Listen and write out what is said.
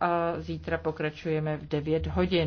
a zítra pokračujeme v 9 hodin.